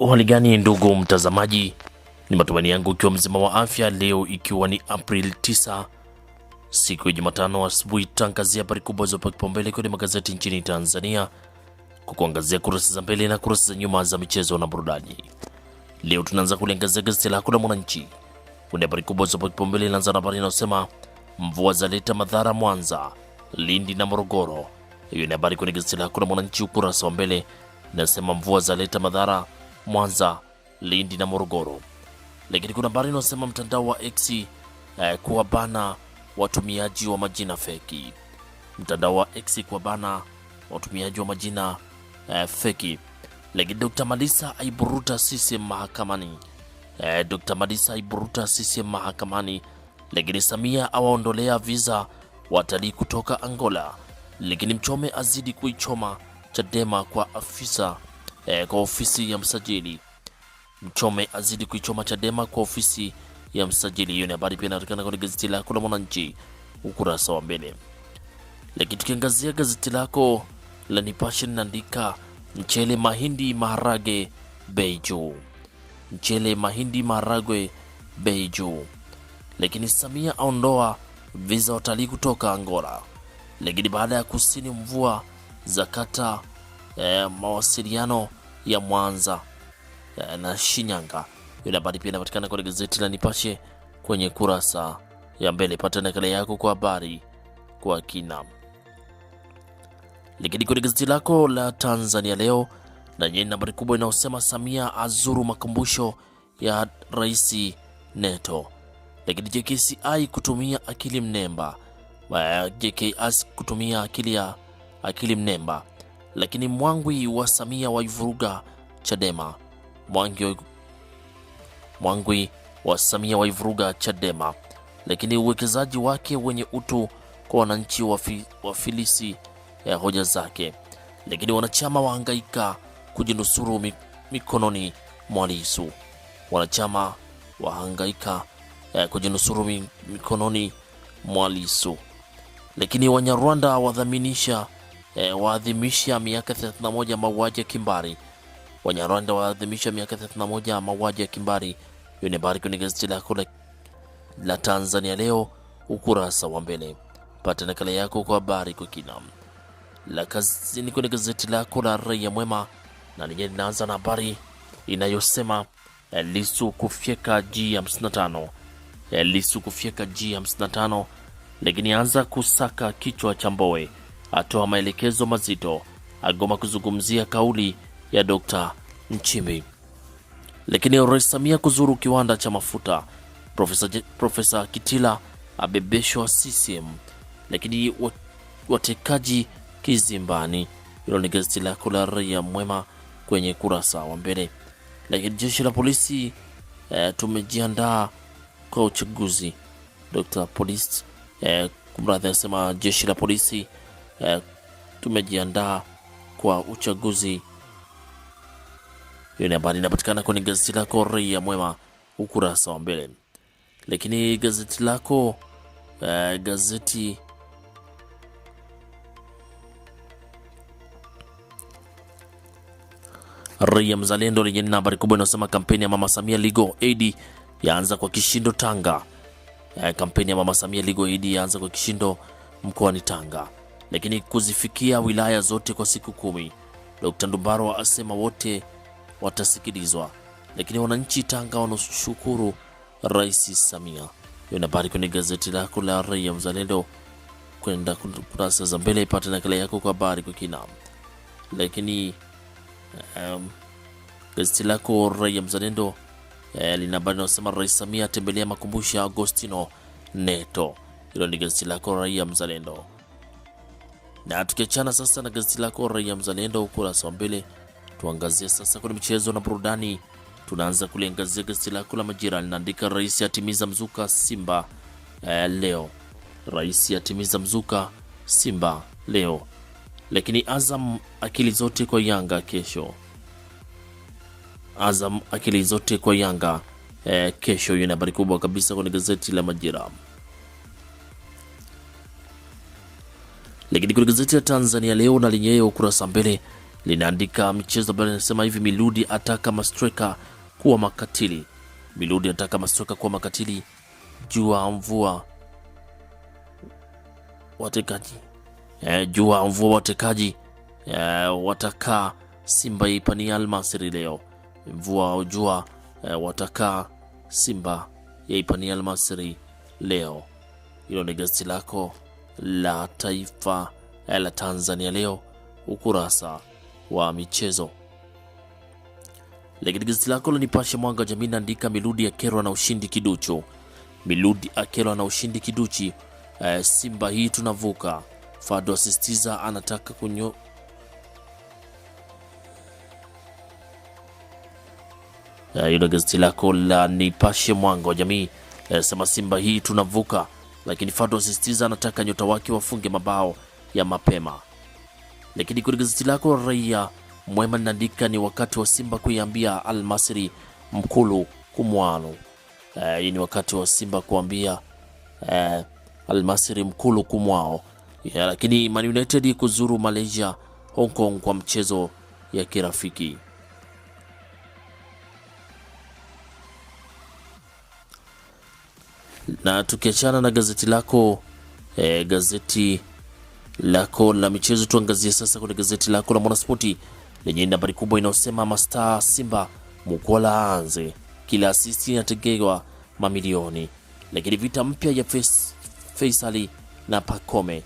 Hali gani ndugu mtazamaji, ni matumaini yangu ukiwa mzima wa afya. Leo ikiwa ni April 9 siku ya Jumatano asubuhi, tutaangazia habari kubwa zilizopewa kipaumbele kwenye magazeti nchini Tanzania kwa kuangazia kurasa za mbele na kurasa za nyuma za michezo na burudani. Leo tunaanza kuliangazia gazeti lako la Mwananchi kwenye habari kubwa zilizopewa kipaumbele, inaanza na habari inayosema mvua zaleta madhara Mwanza, Lindi na Morogoro. Hiyo ni habari kwenye gazeti lako la Mwananchi ukurasa wa mbele, inasema mvua zaleta madhara Mwanza, Lindi na Morogoro. Lakini kuna habari inasema mtandao wa X eh, kuwa bana watumiaji wa majina feki. Mtandao wa X kuwa bana watumiaji wa majina eh, feki. Lakini Dr. Malisa aiburuta sisi mahakamani. Eh, Dr. Malisa aiburuta sisi mahakamani. Lakini Samia awaondolea visa watalii kutoka Angola. Lakini Mchome azidi kuichoma Chadema kwa afisa e, kwa ofisi ya msajili. Mchome azidi kuichoma Chadema kwa ofisi ya msajili. Hiyo ni habari pia inatokana kwenye gazeti lako la Mwananchi ukurasa wa mbele. Lakini tukiangazia gazeti lako la Nipashe linaandika mchele, mahindi, maharage bei juu, mchele, mahindi, maharage bei juu. Lakini Samia aondoa viza watalii kutoka Angola. Lakini baada ya kusini mvua za kata eh, mawasiliano ya Mwanza na Shinyanga. Yule habari pia inapatikana kwenye gazeti la Nipashe kwenye kurasa ya mbele. Pata nakala yako kwa habari kwa kina. Lakini kwenye gazeti lako la Tanzania Leo na nyenye habari kubwa inayosema Samia azuru makumbusho ya Rais Neto. Lakini JKCI kutumia akili mnemba JKS kutumia akili ya akili mnemba lakini mwangwi wa Samia waivuruga Chadema. Mwangwi, mwangwi wa Samia waivuruga Chadema, lakini uwekezaji wake wenye utu kwa wananchi wa filisi ya hoja zake, lakini wanachama wahangaika kujinusuru mikononi mwa Lissu. Wanachama wahangaika eh, kujinusuru mikononi mwa Lissu, lakini Wanyarwanda wadhaminisha e, waadhimisha miaka 31 mauaji ya kimbari. Wanyarwanda waadhimisha miaka 31 mauaji ya kimbari. Hiyo ni habari kwenye gazeti lako la Tanzania Leo ukurasa wa mbele. Pata nakala yako kwa habari kwa kina. La kazini kwenye gazeti lako la Raia Mwema na lenyewe linaanza na habari inayosema eh, Lissu kufyeka G55. Eh, Lissu kufyeka G55, lakini anza kusaka kichwa cha Mbowe atoa maelekezo mazito, agoma kuzungumzia kauli ya Dkt. Nchimbi. Lakini Rais Samia kuzuru kiwanda cha mafuta, Profesa, Profesa Kitila abebeshwa CCM, lakini watekaji kizimbani. Hilo ni gazeti lako la Raia Mwema kwenye kurasa wa mbele. Lakini jeshi la polisi e, tumejiandaa kwa uchaguzi. Dr. Polisi e, kumradhi, anasema jeshi la polisi eh, tumejiandaa kwa uchaguzi. Hiyo ni habari inapatikana kwenye gazeti lako Raia Mwema ukurasa wa mbele, lakini gazeti lako eh, gazeti Raia Mzalendo lenye nina habari kubwa inayosema kampeni ya Mama Samia Ligo AD yaanza kwa kishindo Tanga. Eh, kampeni ya Mama Samia Ligo AD yaanza kwa kishindo mkoani Tanga lakini kuzifikia wilaya zote kwa siku kumi. Dr. Ndumbaro asema wote watasikilizwa, lakini wananchi Tanga wanashukuru Rais Samia. Hiyo ni habari kwenye gazeti lako la Raia Mzalendo kwenda kurasa za mbele, ipate nakala yako kwa habari kwa kina. Lakini um, gazeti lako Raia Mzalendo eh, lina habari inayosema Rais Samia atembelea makumbusho ya Agostino Neto. Hilo ni gazeti lako Raia Mzalendo. Na tukiachana sasa na gazeti lako Raia Mzalendo ukurasa wa mbele, tuangazie sasa kwenye michezo na burudani. Tunaanza kuliangazia gazeti lako la Majira, linaandika rais atimiza mzuka Simba eh, leo. Rais atimiza mzuka Simba leo, lakini Azam akili zote kwa Yanga kesho. Azam akili zote kwa Yanga eh, kesho. Hiyo ni habari kubwa kabisa kwenye gazeti la Majira. Lakini kwenye gazeti la Tanzania leo na lenyewe ukurasa mbele linaandika michezo ambayo linasema hivi, Miludi ataka mastreka kuwa makatili. Miludi ataka mastreka kuwa makatili, jua mvua watekaji e, jua mvua watekaji e, eh, watakaa Simba ipani Almasiri leo mvua jua e, eh, watakaa Simba ipani Almasiri leo. Hilo ni gazeti lako la taifa eh, la Tanzania leo ukurasa wa michezo. Lakini gazeti lako la Nipashe Mwanga wa Jamii naandika Miludi akerwa na ushindi kiduchu, Miludi akerwa na ushindi kiduchi. E, Simba hii tunavuka. Fado asisitiza anataka kunyo eh, hilo gazeti lako la Nipashe Mwanga wa Jamii sema Simba hii tunavuka lakini Fado asisitiza anataka nyota wake wafunge mabao ya mapema. Lakini kwenye gazeti lako Raia Mwema linaandika ni wakati wa Simba kuiambia Almasri Mkulu kumwalu. Eh, hii e, ni wakati wa Simba kuambia e, eh, Almasri Mkulu kumwao. Lakini Man United kuzuru Malaysia Hong Kong kwa mchezo ya kirafiki. Na tukiachana na gazeti lako e, gazeti lako la michezo, tuangazie sasa kwenye gazeti lako la Mwanaspoti lenye nambari kubwa inayosema mastaa Simba Mukola aanze, kila asisti inategewa mamilioni. Lakini vita mpya ya Faisali na Pakome,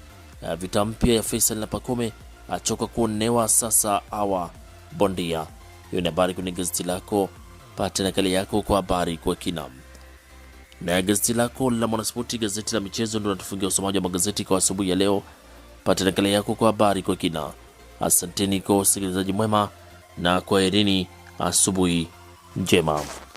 eh, vita mpya ya Faisali na Pakome achoka kuonewa sasa awa bondia. Hiyo ni habari kwenye gazeti lako, pate nakala yako kwa habari kwa kina na gazeti lako la Mwanaspoti, gazeti la michezo, ndo natufungia usomaji wa magazeti kwa asubuhi ya leo. Pata nakala yako kwa habari kwa kina. Asanteni kwa usikilizaji mwema na kwaherini, asubuhi njema.